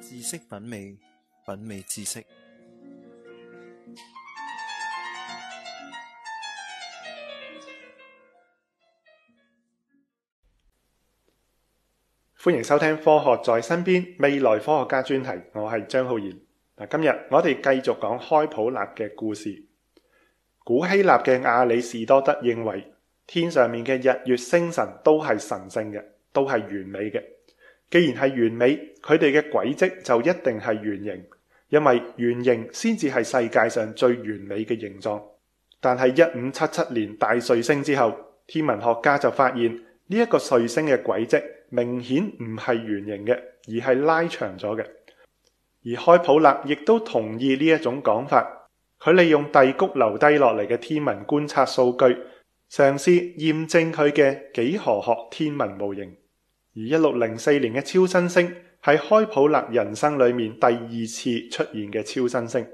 知識品味，品味知識。歡迎收聽《科學在身邊》未來科學家專題，我係張浩然。嗱，今日我哋繼續講開普勒嘅故事。古希臘嘅亞里士多德認為，天上面嘅日月星辰都係神聖嘅，都係完美嘅。既然係完美，佢哋嘅軌跡就一定係圓形，因為圓形先至係世界上最完美嘅形狀。但係一五七七年大彗星之後，天文學家就發現呢一個彗星嘅軌跡明顯唔係圓形嘅，而係拉長咗嘅。而開普勒亦都同意呢一種講法，佢利用第谷留低落嚟嘅天文觀察數據，嘗試驗證佢嘅幾何學天文模型。而一六零四年嘅超新星，係開普勒人生裏面第二次出現嘅超新星，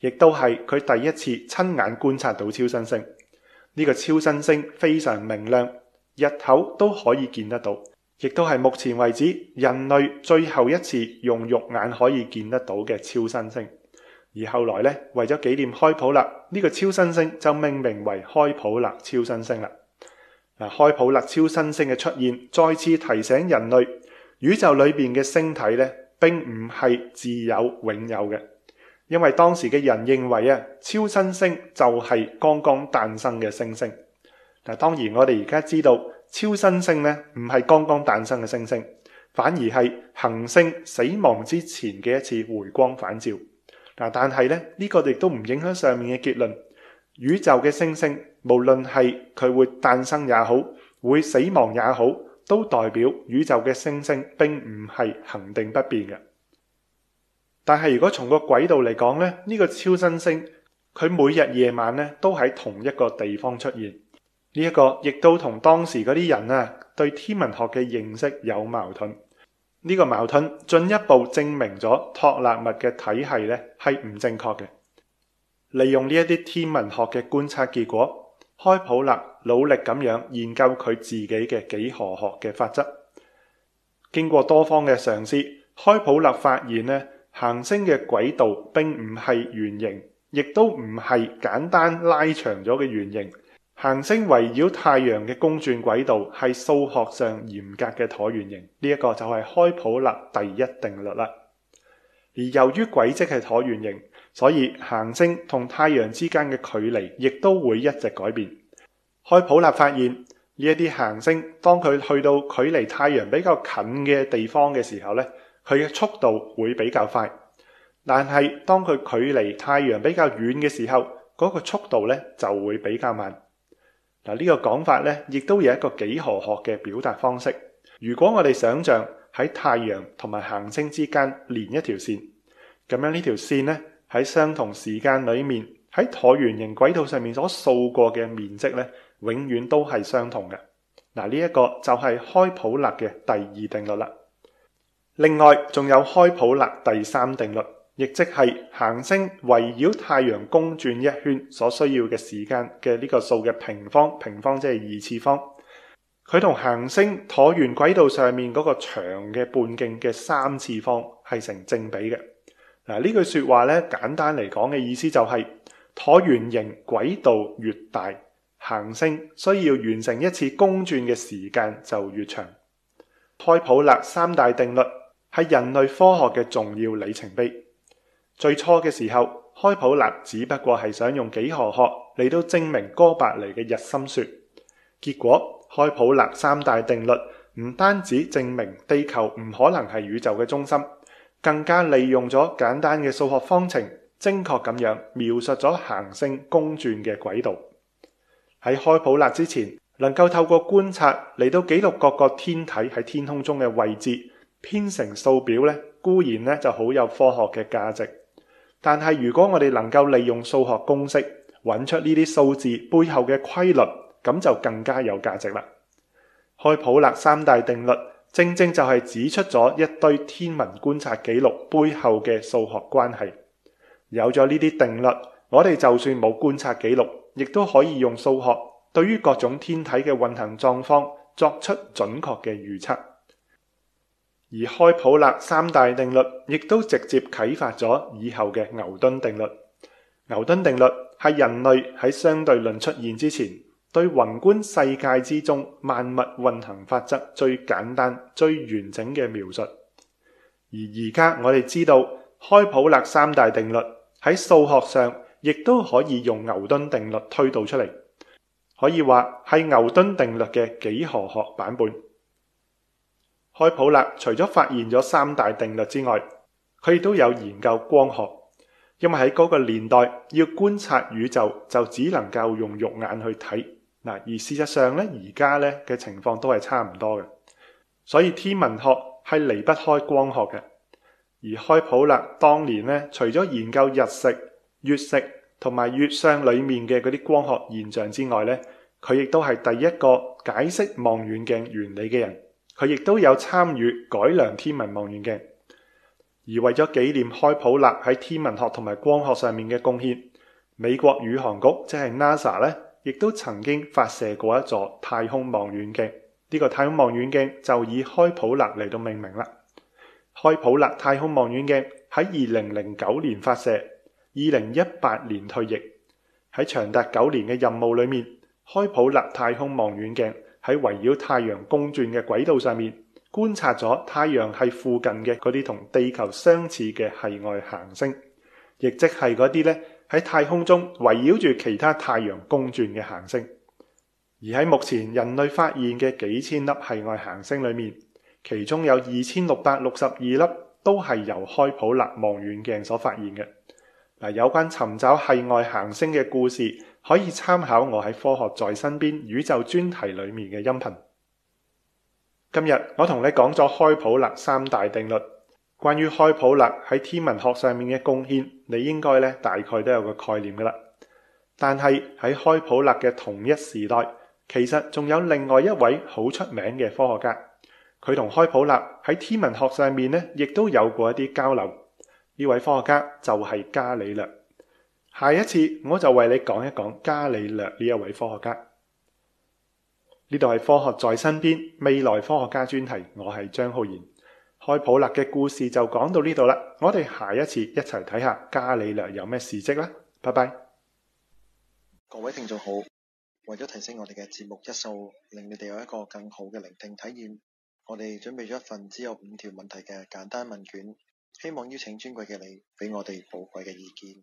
亦都係佢第一次親眼觀察到超新星。呢個超新星非常明亮，日頭都可以見得到，亦都係目前為止人類最後一次用肉眼可以見得到嘅超新星。而後來咧，為咗紀念開普勒，呢個超新星就命名為開普勒超新星啦。開普勒超新星嘅出現，再次提醒人類宇宙裏邊嘅星體呢，並唔係自有永有嘅，因為當時嘅人認為啊，超新星就係剛剛誕生嘅星星。嗱，當然我哋而家知道超新星呢，唔係剛剛誕生嘅星星，反而係恆星死亡之前嘅一次回光返照。嗱，但係呢，呢個亦都唔影響上面嘅結論，宇宙嘅星星。無論係佢會誕生也好，會死亡也好，都代表宇宙嘅星星並唔係恆定不變嘅。但係如果從個軌道嚟講咧，呢個超新星佢每日夜晚咧都喺同一個地方出現，呢一個亦都同當時嗰啲人啊對天文學嘅認識有矛盾。呢個矛盾進一步證明咗托勒密嘅體系咧係唔正確嘅。利用呢一啲天文學嘅觀察結果，開普勒努力咁樣研究佢自己嘅幾何學嘅法則，經過多方嘅嘗試，開普勒發現咧，行星嘅軌道並唔係圓形，亦都唔係簡單拉長咗嘅圓形，行星圍繞太陽嘅公轉軌道係數學上嚴格嘅橢圓形，呢一個就係開普勒第一定律啦。而由於軌跡係橢圓形。所以行星同太陽之間嘅距離，亦都會一直改變。開普勒發現呢一啲行星，當佢去到距離太陽比較近嘅地方嘅時候呢，佢嘅速度會比較快，但係當佢距離太陽比較遠嘅時候，嗰個速度呢就會比較慢。嗱，呢個講法呢亦都有一個幾何學嘅表達方式。如果我哋想象喺太陽同埋行星之間連一條線，咁樣呢條線呢。喺相同時間裏面，喺橢圓形軌道上面所掃過嘅面積咧，永遠都係相同嘅。嗱，呢一個就係開普勒嘅第二定律啦。另外，仲有開普勒第三定律，亦即係行星圍繞太陽公轉一圈所需要嘅時間嘅呢個數嘅平方，平方即係二次方，佢同行星橢圓軌道上面嗰個長嘅半徑嘅三次方係成正比嘅。嗱，呢句說話咧，簡單嚟講嘅意思就係橢圓形軌道越大，行星需要完成一次公轉嘅時間就越長。開普勒三大定律係人類科學嘅重要里程碑。最初嘅時候，開普勒只不過係想用幾何學嚟到證明哥白尼嘅日心說，結果開普勒三大定律唔單止證明地球唔可能係宇宙嘅中心。更加利用咗簡單嘅數學方程，精確咁樣描述咗行星公轉嘅軌道。喺開普勒之前，能夠透過觀察嚟到記錄各個天體喺天空中嘅位置，編成數表呢，固然呢就好有科學嘅價值。但係如果我哋能夠利用數學公式，揾出呢啲數字背後嘅規律，咁就更加有價值啦。開普勒三大定律。正正就係指出咗一堆天文觀察記錄背後嘅數學關係。有咗呢啲定律，我哋就算冇觀察記錄，亦都可以用數學對於各種天體嘅運行狀況作出準確嘅預測。而開普勒三大定律亦都直接啟發咗以後嘅牛頓定律。牛頓定律係人類喺相對論出現之前，對宏觀世界之中萬物運行法則最簡單、最完整嘅描述。而而家我哋知道，開普勒三大定律喺數學上亦都可以用牛頓定律推導出嚟，可以話係牛頓定律嘅幾何學版本。開普勒除咗發現咗三大定律之外，佢亦都有研究光學，因為喺嗰個年代，要觀察宇宙就只能夠用肉眼去睇。嗱，而事實上咧，而家咧嘅情況都係差唔多嘅，所以天文學係離不開光學嘅。而開普勒當年咧，除咗研究日食、月食同埋月相裡面嘅嗰啲光學現象之外咧，佢亦都係第一個解釋望遠鏡原理嘅人，佢亦都有參與改良天文望遠鏡。而為咗紀念開普勒喺天文學同埋光學上面嘅貢獻，美國宇航局即係 NASA 咧，亦都曾經發射過一座太空望遠鏡，呢個太空望遠鏡就以開普勒嚟到命名啦。開普勒太空望遠鏡喺二零零九年發射，二零一八年退役。喺長達九年嘅任務裏面，開普勒太空望遠鏡喺圍繞太陽公轉嘅軌道上面，觀察咗太陽系附近嘅嗰啲同地球相似嘅系外行星，亦即係嗰啲呢。喺太空中圍繞住其他太陽公轉嘅行星，而喺目前人類發現嘅幾千粒系外行星裏面，其中有二千六百六十二粒都係由開普勒望遠鏡所發現嘅。嗱，有關尋找系外行星嘅故事，可以參考我喺《科學在身邊：宇宙》專題裏面嘅音頻。今日我同你講咗開普勒三大定律。關於開普勒喺天文學上面嘅貢獻，你應該咧大概都有個概念噶啦。但係喺開普勒嘅同一時代，其實仲有另外一位好出名嘅科學家，佢同開普勒喺天文學上面咧，亦都有過一啲交流。呢位科學家就係伽利略。下一次我就為你講一講伽利略呢一位科學家。呢度係科學在身邊未來科學家專題，我係張浩然。開普勒嘅故事就講到呢度啦，我哋下一次一齊睇下伽利略有咩事跡啦，拜拜。各位聽眾好，為咗提升我哋嘅節目質素，令你哋有一個更好嘅聆聽體驗，我哋準備咗一份只有五條問題嘅簡單問卷，希望邀請尊貴嘅你俾我哋寶貴嘅意見。